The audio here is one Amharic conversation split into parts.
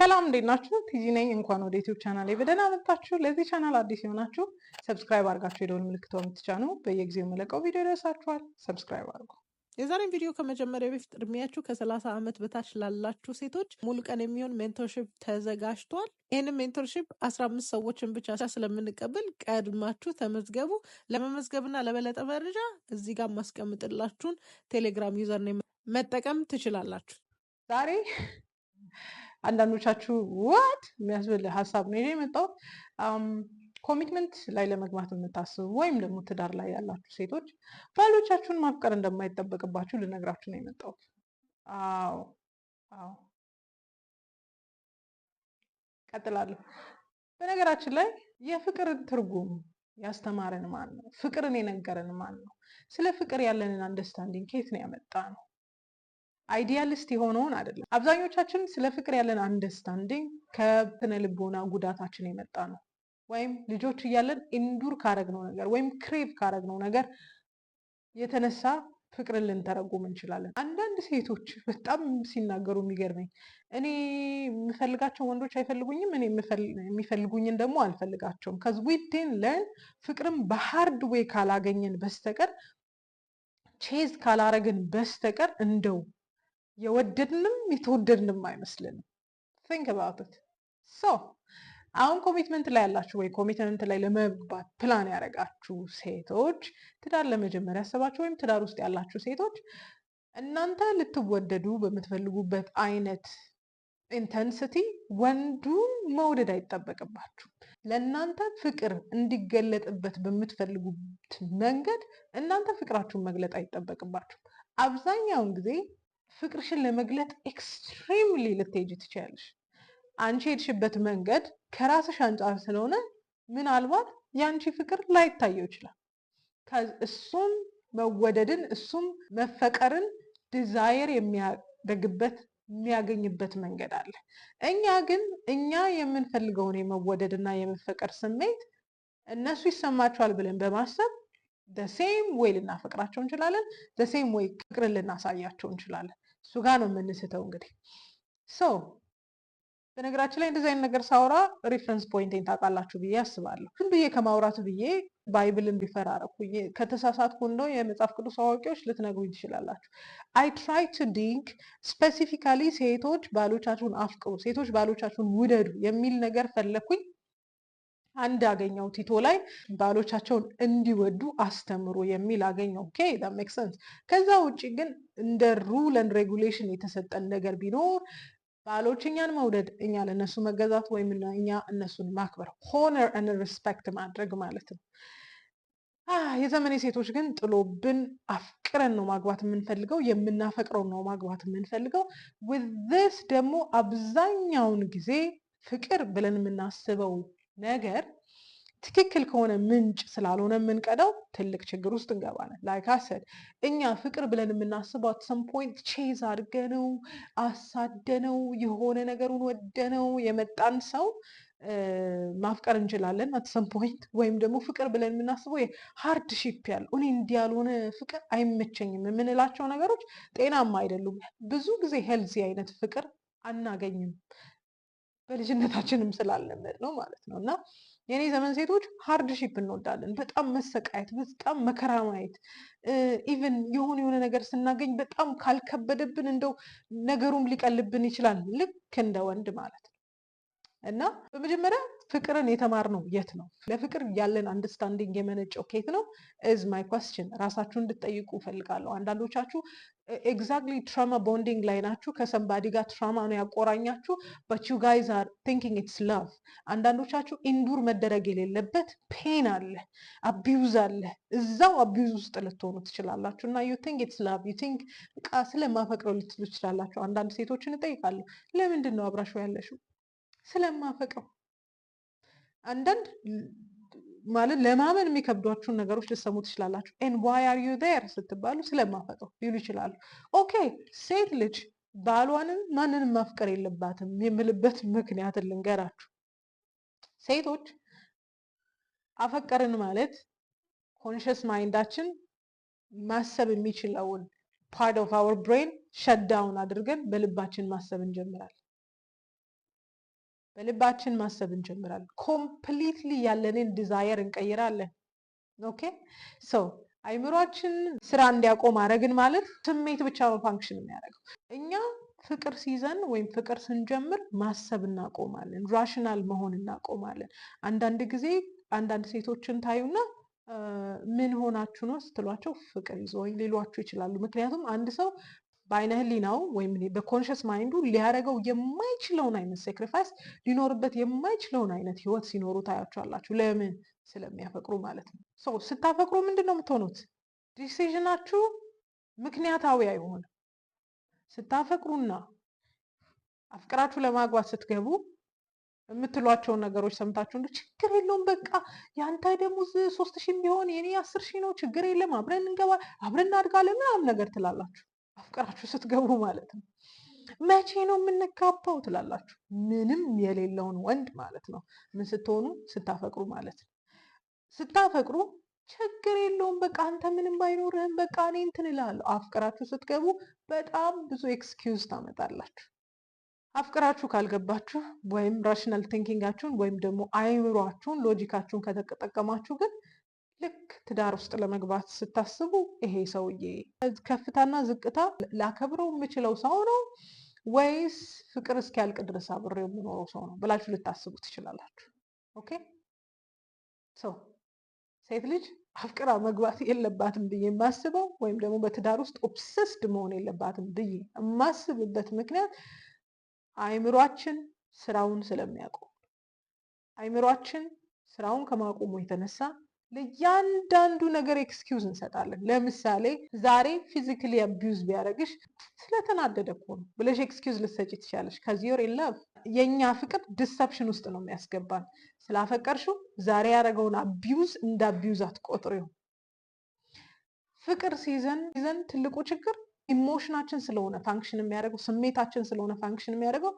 ሰላም እንዴት ናችሁ? ቲጂ ነኝ። እንኳን ወደ ዩቲዩብ ቻናል በደህና መጣችሁ። ለዚህ ቻናል አዲስ የሆናችሁ ሰብስክራይብ አድርጋችሁ የደወል ምልክቷ የምትጫኑ በየጊዜው መለቀው ቪዲዮ ይደርሳችኋል። ሰብስክራይብ አድርጉ። የዛሬን ቪዲዮ ከመጀመሪያ በፊት እድሜያችሁ ከሰላሳ ዓመት በታች ላላችሁ ሴቶች ሙሉ ቀን የሚሆን ሜንቶርሽፕ ተዘጋጅቷል። ይህንን ሜንቶርሽፕ አስራ አምስት ሰዎችን ብቻ ስለምንቀበል ቀድማችሁ ተመዝገቡ። ለመመዝገብና ለበለጠ መረጃ እዚህ ጋር ማስቀምጥላችሁን ቴሌግራም ዩዘር መጠቀም ትችላላችሁ። ዛሬ አንዳንዶቻችሁ ዋት የሚያስብል ሀሳብ ነው የመጣሁት። ኮሚትመንት ላይ ለመግባት የምታስቡ ወይም ደግሞ ትዳር ላይ ያላችሁ ሴቶች ባሎቻችሁን ማፍቀር እንደማይጠበቅባችሁ ልነግራችሁ ነው የመጣሁት። አዎ አዎ፣ ቀጥላለሁ። በነገራችን ላይ የፍቅርን ትርጉም ያስተማረን ማን ነው? ፍቅርን የነገረን ማን ነው? ስለ ፍቅር ያለንን አንደርስታንዲንግ ከየት ነው ያመጣ ነው? አይዲያሊስት የሆነውን አይደለም። አብዛኞቻችን ስለ ፍቅር ያለን አንደርስታንዲንግ ከስነ ልቦና ጉዳታችን የመጣ ነው፣ ወይም ልጆች እያለን ኢንዱር ካረግነው ነገር ወይም ክሬቭ ካረግነው ነገር የተነሳ ፍቅርን ልንተረጉም እንችላለን። አንዳንድ ሴቶች በጣም ሲናገሩ የሚገርመኝ እኔ የምፈልጋቸው ወንዶች አይፈልጉኝም፣ እኔ የሚፈልጉኝን ደግሞ አልፈልጋቸውም። ከዚ ዊቴን ለን ፍቅርን በሃርድ ዌይ ካላገኘን በስተቀር ቼዝ ካላረግን በስተቀር እንደው የወደድንም የተወደድንም አይመስልንም። ቲንክ አባውት ኢት ሶ አሁን ኮሚትመንት ላይ ያላችሁ ወይ ኮሚትመንት ላይ ለመግባት ፕላን ያደረጋችሁ ሴቶች ትዳር ለመጀመር ያሰባችሁ ወይም ትዳር ውስጥ ያላችሁ ሴቶች እናንተ ልትወደዱ በምትፈልጉበት አይነት ኢንተንሲቲ ወንዱ መውደድ አይጠበቅባችሁ። ለእናንተ ፍቅር እንዲገለጥበት በምትፈልጉት መንገድ እናንተ ፍቅራችሁን መግለጥ አይጠበቅባችሁ። አብዛኛውን ጊዜ ፍቅርሽን ለመግለጥ ኤክስትሪምሊ ልትሄጂ ትችያለሽ። አንቺ የሄድሽበት መንገድ ከራስሽ አንጻር ስለሆነ ምናልባት የአንቺ ፍቅር ላይታየው ይችላል። እሱም መወደድን እሱም መፈቀርን ዲዛየር የሚያደግበት የሚያገኝበት መንገድ አለ። እኛ ግን እኛ የምንፈልገውን የመወደድና የመፈቀር ስሜት እነሱ ይሰማቸዋል ብለን በማሰብ ሴም ወይ ልናፈቅራቸው እንችላለን። ሴም ወይ ፍቅርን ልናሳያቸው እንችላለን። እሱ ጋ ነው የምንስተው እንግዲህ ሶ በነገራችን ላይ እንደዚህ አይነት ነገር ሳውራ ሪፍረንስ ፖይንቴን ታውቃላችሁ ብዬ አስባለሁ። ዝም ብዬ ከማውራት ብዬ ባይብልን ቢፈራረኩ ከተሳሳትኩ እንደው የመጽሐፍ ቅዱስ አዋቂዎች ልትነግሩ ትችላላችሁ። አይ ትራይ ቱ ዲንክ ስፔሲፊካሊ ሴቶች ባሎቻችሁን አፍቅሩ፣ ሴቶች ባሎቻችሁን ውደዱ የሚል ነገር ፈለግኩኝ። አንድ ያገኘው ቲቶ ላይ ባሎቻቸውን እንዲወዱ አስተምሩ የሚል አገኘው። ኦኬ ሜክ ሰንስ። ከዛ ውጭ ግን እንደ ሩል ሬጉሌሽን የተሰጠን ነገር ቢኖር ባሎች እኛን መውደድ፣ እኛ ለእነሱ መገዛት ወይም እኛ እነሱን ማክበር ሆነር ን ሪስፔክት ማድረግ ማለት ነው። የዘመኔ ሴቶች ግን ጥሎብን አፍቅረን ነው ማግባት የምንፈልገው፣ የምናፈቅረው ነው ማግባት የምንፈልገው። ዊዝ ዚስ ደግሞ አብዛኛውን ጊዜ ፍቅር ብለን የምናስበው ነገር ትክክል ከሆነ ምንጭ ስላልሆነ የምንቀዳው ትልቅ ችግር ውስጥ እንገባለን። ላይክ አሰድ እኛ ፍቅር ብለን የምናስበው አትሰም ፖይንት ቼዝ አድርገነው አሳደነው የሆነ ነገሩን ወደነው የመጣን ሰው ማፍቀር እንችላለን አትሰም ፖይንት። ወይም ደግሞ ፍቅር ብለን የምናስበው ሃርድ ሺፕ ያለው እኔ እንዲህ ያልሆነ ፍቅር አይመቸኝም የምንላቸው ነገሮች ጤናማ አይደሉም። ብዙ ጊዜ ሄልዚ አይነት ፍቅር አናገኝም። በልጅነታችንም ስላለመድ ነው ማለት ነው እና የኔ ዘመን ሴቶች ሃርድሺፕ እንወዳለን። በጣም መሰቃየት፣ በጣም መከራ ማየት፣ ኢቨን የሆነ የሆነ ነገር ስናገኝ በጣም ካልከበደብን እንደው ነገሩም ሊቀልብን ይችላል፣ ልክ እንደ ወንድ ማለት ነው እና በመጀመሪያ ፍቅርን የተማርነው የት ነው? ለፍቅር ያለን አንደርስታንዲንግ የመነጨው ኬት ነው? እዝ ማይ ኳስችን ራሳችሁ እንድትጠይቁ እፈልጋለሁ። አንዳንዶቻችሁ ኤግዛክትሊ ትራማ ቦንዲንግ ላይ ናችሁ። ከሰንባዲ ጋር ትራማ ነው ያቆራኛችሁ። በት ዩ ጋይዝ አር ቲንኪንግ ኢትስ ላቭ። አንዳንዶቻችሁ ኢንዱር መደረግ የሌለበት ፔን አለ፣ አቢዩዝ አለ። እዛው አቢዩዝ ውስጥ ልትሆኑ ትችላላችሁ እና ዩ ቲንክ ኢትስ ላቭ ዩ ቲንክ እቃ ስለማፈቅረው ልትሉ ትችላላችሁ። አንዳንድ ሴቶችን እጠይቃለሁ፣ ለምንድን ነው አብራሽው ያለሽው? ስለማፈቅረው አንዳንድ ማለት ለማመን የሚከብዷችሁን ነገሮች ልሰሙ ትችላላችሁ። ኤን ዋይ አር ዩ ስትባሉ ስለማፈቅረው ሊሉ ይችላሉ። ኦኬ ሴት ልጅ ባሏንም ማንንም ማፍቀር የለባትም የምልበት ምክንያትን ልንገራችሁ። ሴቶች አፈቀርን ማለት ኮንሽስ ማይንዳችን ማሰብ የሚችለውን ፓርት ኦፍ አወር ብሬን ሸዳውን አድርገን በልባችን ማሰብ እንጀምራለን። በልባችን ማሰብ እንጀምራለን። ኮምፕሊትሊ ያለንን ዲዛየር እንቀይራለን። ኦኬ ሶ አይምሯችን ስራ እንዲያቆም አረግን ማለት ስሜት ብቻ ፋንክሽን የሚያደርገው እኛ ፍቅር ሲይዘን ወይም ፍቅር ስንጀምር ማሰብ እናቆማለን። ራሽናል መሆን እናቆማለን። አንዳንድ ጊዜ አንዳንድ ሴቶችን ታዩና ምን ሆናችሁ ነው ስትሏቸው ፍቅር ይዞኝ ሊሏችሁ ይችላሉ። ምክንያቱም አንድ ሰው በአይነ ህሊናው ወይም በኮንሽስ ማይንዱ ሊያደርገው የማይችለውን አይነት ሴክሪፋይስ ሊኖርበት የማይችለውን አይነት ህይወት ሲኖሩ ታያቸዋላችሁ። ለምን? ስለሚያፈቅሩ ማለት ነው። ሰው ስታፈቅሩ ምንድን ነው የምትሆኑት? ዲሲዥናችሁ ምክንያታዊ አይሆንም። ስታፈቅሩና አፍቅራችሁ ለማግባት ስትገቡ የምትሏቸውን ነገሮች ሰምታችሁ እንደ ችግር የለውም በቃ የአንተ ደሞዝ ሶስት ሺህ ቢሆን የኔ አስር ሺህ ነው ችግር የለም አብረን እንገባ አብረን እናድጋለን ምናምን ነገር ትላላችሁ። አፍቅራችሁ ስትገቡ ማለት ነው። መቼ ነው የምንጋባው ትላላችሁ። ምንም የሌለውን ወንድ ማለት ነው። ምን ስትሆኑ? ስታፈቅሩ ማለት ነው። ስታፈቅሩ ችግር የለውም በቃ አንተ ምንም አይኖርህም በቃ እኔ እንትን እልሃለሁ። አፍቅራችሁ ስትገቡ በጣም ብዙ ኤክስኪውዝ ታመጣላችሁ። አፍቅራችሁ ካልገባችሁ ወይም ራሽናል ቲንኪንጋችሁን ወይም ደግሞ አይምሯችሁን ሎጂካችሁን ከተጠቀማችሁ ግን ልክ ትዳር ውስጥ ለመግባት ስታስቡ ይሄ ሰውዬ ከፍታና ዝቅታ ላከብረው የምችለው ሰው ነው ወይስ ፍቅር እስኪያልቅ ድረስ አብሬ የምኖረው ሰው ነው ብላችሁ ልታስቡ ትችላላችሁ። ኦኬ ሰው ሴት ልጅ አፍቅራ መግባት የለባትም ብዬ የማስበው ወይም ደግሞ በትዳር ውስጥ ኦብሰስድ መሆን የለባትም ብዬ የማስብበት ምክንያት አይምሯችን ስራውን ስለሚያውቁ አይምሯችን ስራውን ከማቆሙ የተነሳ ለእያንዳንዱ ነገር ኤክስኪውዝ እንሰጣለን። ለምሳሌ ዛሬ ፊዚካሊ አቢዩዝ ቢያደርግሽ ስለተናደደ እኮ ነው ብለሽ ኤክስኪውዝ ልትሰጪ ትችያለሽ። ከዚህ ወር የለም የእኛ ፍቅር ዲሰፕሽን ውስጥ ነው የሚያስገባን። ስላፈቀርሽው ዛሬ ያደረገውን አቢዩዝ እንደ አቢዩዝ አትቆጥሪው። ፍቅር ሲዘን ይዘን ትልቁ ችግር ኢሞሽናችን ስለሆነ ፋንክሽን የሚያደርገው ስሜታችን ስለሆነ ፋንክሽን የሚያደርገው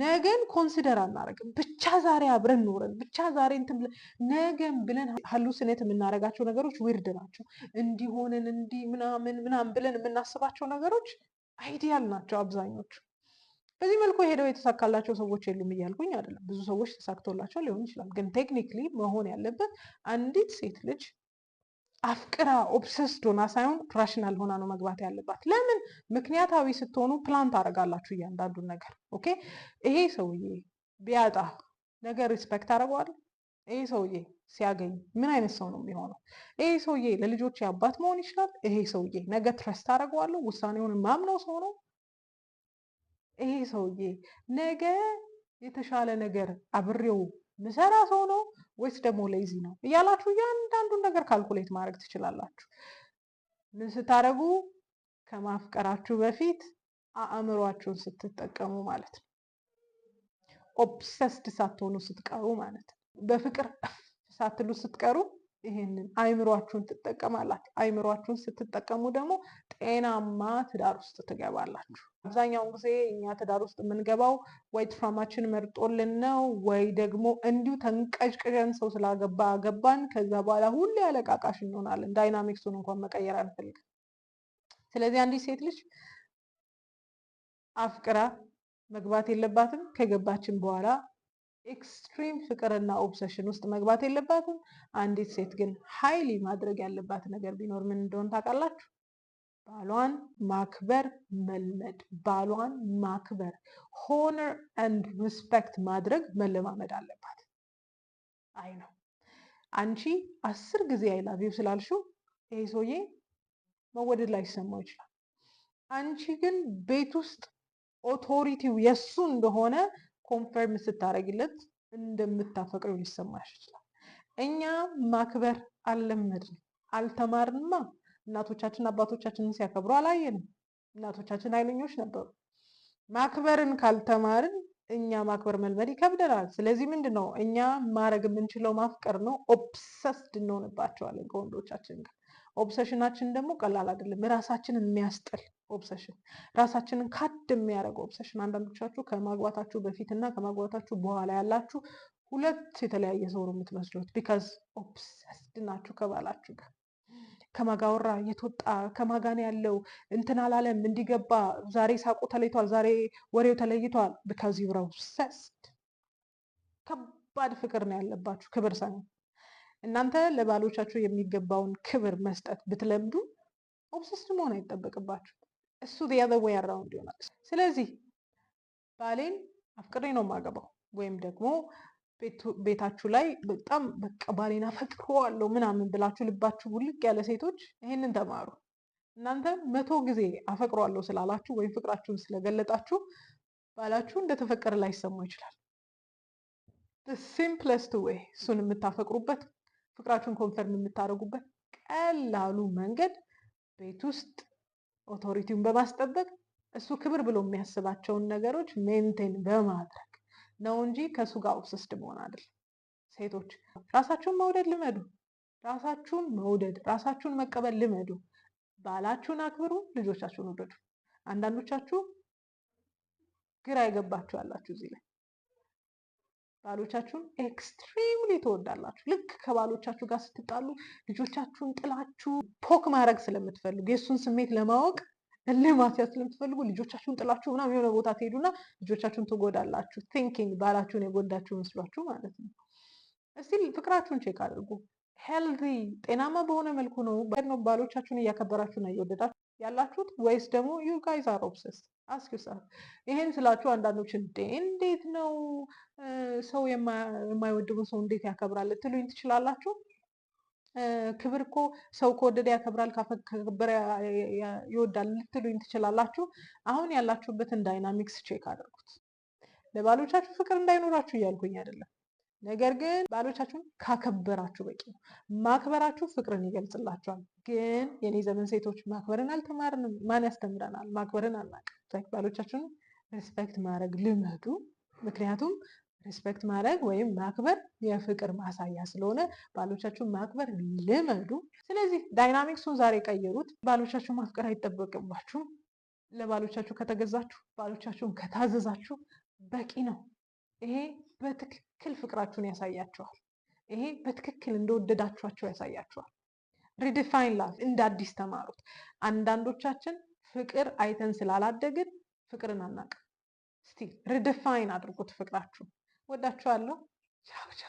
ነገን ኮንሲደር አናደርግም። ብቻ ዛሬ አብረን ኖረን ብቻ ዛሬ እንትን ነገን ብለን ሀሉስኔት የምናደርጋቸው ነገሮች ዊርድ ናቸው። እንዲሆንን እንዲ ምናምን ምናምን ብለን የምናስባቸው ነገሮች አይዲያል ናቸው አብዛኞቹ። በዚህ መልኩ ሄደው የተሳካላቸው ሰዎች የሉም እያልኩኝ አይደለም። ብዙ ሰዎች ተሳክቶላቸው ሊሆን ይችላል። ግን ቴክኒክሊ መሆን ያለበት አንዲት ሴት ልጅ አፍቅራ ኦብሰስድ ሆና ሳይሆን ራሽናል ሆና ነው መግባት ያለባት። ለምን ምክንያታዊ ስትሆኑ ፕላን ታደርጋላችሁ እያንዳንዱን ነገር። ኦኬ ይሄ ሰውዬ ቢያጣ ነገር ሪስፔክት አደርገዋለሁ። ይሄ ሰውዬ ሲያገኝ ምን አይነት ሰው ነው የሚሆነው? ይሄ ሰውዬ ለልጆች አባት መሆን ይችላል። ይሄ ሰውዬ ነገ ትረስት አደርገዋለሁ። ውሳኔውን ማምነው ሰው ነው። ይሄ ሰውዬ ነገ የተሻለ ነገር አብሬው ምሰራ ሰው ነው። ወይስ ደግሞ ሌዚ ነው እያላችሁ እያንዳንዱን ነገር ካልኩሌት ማድረግ ትችላላችሁ። ምን ስታደርጉ ከማፍቀራችሁ በፊት አእምሯችሁን ስትጠቀሙ ማለት ነው። ኦብሰስድ ሳትሆኑ ስትቀሩ ማለት ነው። በፍቅር ሳትሉ ስትቀሩ ይሄንን አይምሯችሁን ትጠቀማላችሁ። አይምሯችሁን ስትጠቀሙ ደግሞ ጤናማ ትዳር ውስጥ ትገባላችሁ። አብዛኛውን ጊዜ እኛ ትዳር ውስጥ የምንገባው ወይ ትዳራችን መርጦልን ነው ወይ ደግሞ እንዲሁ ተንቀዥቅዥን ሰው ስላገባ አገባን፣ ከዛ በኋላ ሁሌ አለቃቃሽ እንሆናለን። ዳይናሚክሱን እንኳን መቀየር አንፈልግም። ስለዚህ አንዲት ሴት ልጅ አፍቅራ መግባት የለባትም። ከገባችን በኋላ ኤክስትሪም ፍቅርና ኦብሰሽን ውስጥ መግባት የለባትም። አንዲት ሴት ግን ሀይሊ ማድረግ ያለባት ነገር ቢኖር ምን እንደሆነ ታውቃላችሁ? ባሏን ማክበር መልመድ፣ ባሏን ማክበር ሆነር ንድ ሪስፔክት ማድረግ መለማመድ አለባት። አይ ነው አንቺ አስር ጊዜ አይላቪው ስላልሽው ይሄ ሰውዬ መወደድ ላይ ይሰማው ይችላል። አንቺ ግን ቤት ውስጥ ኦቶሪቲው የእሱ እንደሆነ ኮንፈርም ስታደርግለት እንደምታፈቅረው ሊሰማሽ ይችላል። እኛ ማክበር አልለመድንም፣ አልተማርንማ። እናቶቻችን አባቶቻችንን ሲያከብሩ አላየንም። እናቶቻችን ኃይለኞች ነበሩ። ማክበርን ካልተማርን እኛ ማክበር መልመድ ይከብደናል። ስለዚህ ምንድን ነው እኛ ማድረግ የምንችለው ማፍቀር ነው። ኦብሰስድ እንሆንባቸዋለን ከወንዶቻችን ጋር ኦብሰሽናችን ደግሞ ቀላል አይደለም። ራሳችንን የሚያስጥል ኦብሰሽን፣ ራሳችንን ካድ የሚያደርግ ኦብሰሽን። አንዳንዶቻችሁ ከማግባታችሁ በፊት እና ከማግባታችሁ በኋላ ያላችሁ ሁለት የተለያየ ሰው ነው የምትመስሉት። ቢካዝ ኦብሰስድ ናችሁ ከባላችሁ ጋር ከማጋወራ የተወጣ ከማጋን ያለው እንትን አላለም እንዲገባ ዛሬ ሳቁ ተለይቷል፣ ዛሬ ወሬው ተለይቷል። ቢካዝ ዩር ኦብሰስድ። ከባድ ፍቅር ነው ያለባችሁ ክብር ሳይሆን እናንተ ለባሎቻችሁ የሚገባውን ክብር መስጠት ብትለምዱ ኦብሰስድ መሆን አይጠበቅባችሁ። እሱ ያዘወ ያራውንድ ይሆናል። ስለዚህ ባሌን አፍቅሬ ነው የማገባው ወይም ደግሞ ቤታችሁ ላይ በጣም በቃ ባሌን አፈቅረዋለሁ ምናምን ብላችሁ ልባችሁ ውልቅ ያለ ሴቶች ይህንን ተማሩ። እናንተ መቶ ጊዜ አፈቅረዋለሁ ስላላችሁ ወይም ፍቅራችሁን ስለገለጣችሁ ባላችሁ እንደተፈቀረ ላይሰማው ይችላል። ሲምፕለስት ዌይ እሱን የምታፈቅሩበት ፍቅራችሁን ኮንፈርም የምታደርጉበት ቀላሉ መንገድ ቤት ውስጥ ኦቶሪቲውን በማስጠበቅ እሱ ክብር ብሎ የሚያስባቸውን ነገሮች ሜንቴን በማድረግ ነው እንጂ ከእሱ ጋር ኦብሰስድ መሆን አይደል። ሴቶች ራሳችሁን መውደድ ልመዱ። ራሳችሁን መውደድ፣ ራሳችሁን መቀበል ልመዱ። ባላችሁን አክብሩ፣ ልጆቻችሁን ውደዱ። አንዳንዶቻችሁ ግራ የገባችሁ ያላችሁ እዚህ ላይ ባሎቻችሁን ኤክስትሪምሊ ትወዳላችሁ። ልክ ከባሎቻችሁ ጋር ስትጣሉ ልጆቻችሁን ጥላችሁ ፖክ ማድረግ ስለምትፈልጉ የእሱን ስሜት ለማወቅ እልህ ማስያዝ ስለምትፈልጉ ልጆቻችሁን ጥላችሁ ምናምን የሆነ ቦታ ትሄዱና ልጆቻችሁን ትጎዳላችሁ። ቲንኪንግ ባላችሁን የጎዳችሁ መስሏችሁ ማለት ነው። እስቲ ፍቅራችሁን ቼክ አድርጉ። ሄልዚ ጤናማ በሆነ መልኩ ነው ባሎቻችሁን እያከበራችሁና ነው እየወደዳችሁ ያላችሁት ወይስ ደግሞ ዩ ጋይዝ አር ኦብሰስድ አስክሳት ይሄን ስላችሁ አንዳንዶች እንዴ እንዴት ነው ሰው የማይወድቡን ሰው እንዴት ያከብራል ትሉኝ ትችላላችሁ። ክብር እኮ ሰው ከወደደ ያከብራል፣ ካፈከበረ ይወዳል ልትሉኝ ትችላላችሁ። አሁን ያላችሁበትን ዳይናሚክስ ቼክ አድርጉት። ለባሎቻችሁ ፍቅር እንዳይኖራችሁ እያልኩኝ አይደለም። ነገር ግን ባሎቻችሁን ካከበራችሁ በቂ ነው። ማክበራችሁ ፍቅርን ይገልጽላችኋል። ግን የኔ ዘመን ሴቶች ማክበርን አልተማርንም። ማን ያስተምረናል? ማክበርን አናውቅም። ባሎቻችሁን ሪስፔክት ማድረግ ልመዱ። ምክንያቱም ሪስፔክት ማድረግ ወይም ማክበር የፍቅር ማሳያ ስለሆነ ባሎቻችሁን ማክበር ልመዱ። ስለዚህ ዳይናሚክሱን ዛሬ ቀየሩት። ባሎቻችሁ ማፍቀር አይጠበቅባችሁም። ለባሎቻችሁ ከተገዛችሁ፣ ባሎቻችሁን ከታዘዛችሁ በቂ ነው። ይሄ በትክክል ትክክል ፍቅራችሁን ያሳያችኋል። ይሄ በትክክል እንደወደዳችኋቸው ያሳያችኋል። ሪዲፋይን ላቭ እንደ አዲስ ተማሩት። አንዳንዶቻችን ፍቅር አይተን ስላላደግን ፍቅርን አናውቅም። እስቲ ሪዲፋይን አድርጉት። ፍቅራችሁ ወዳችኋለሁ። ቻው ቻው።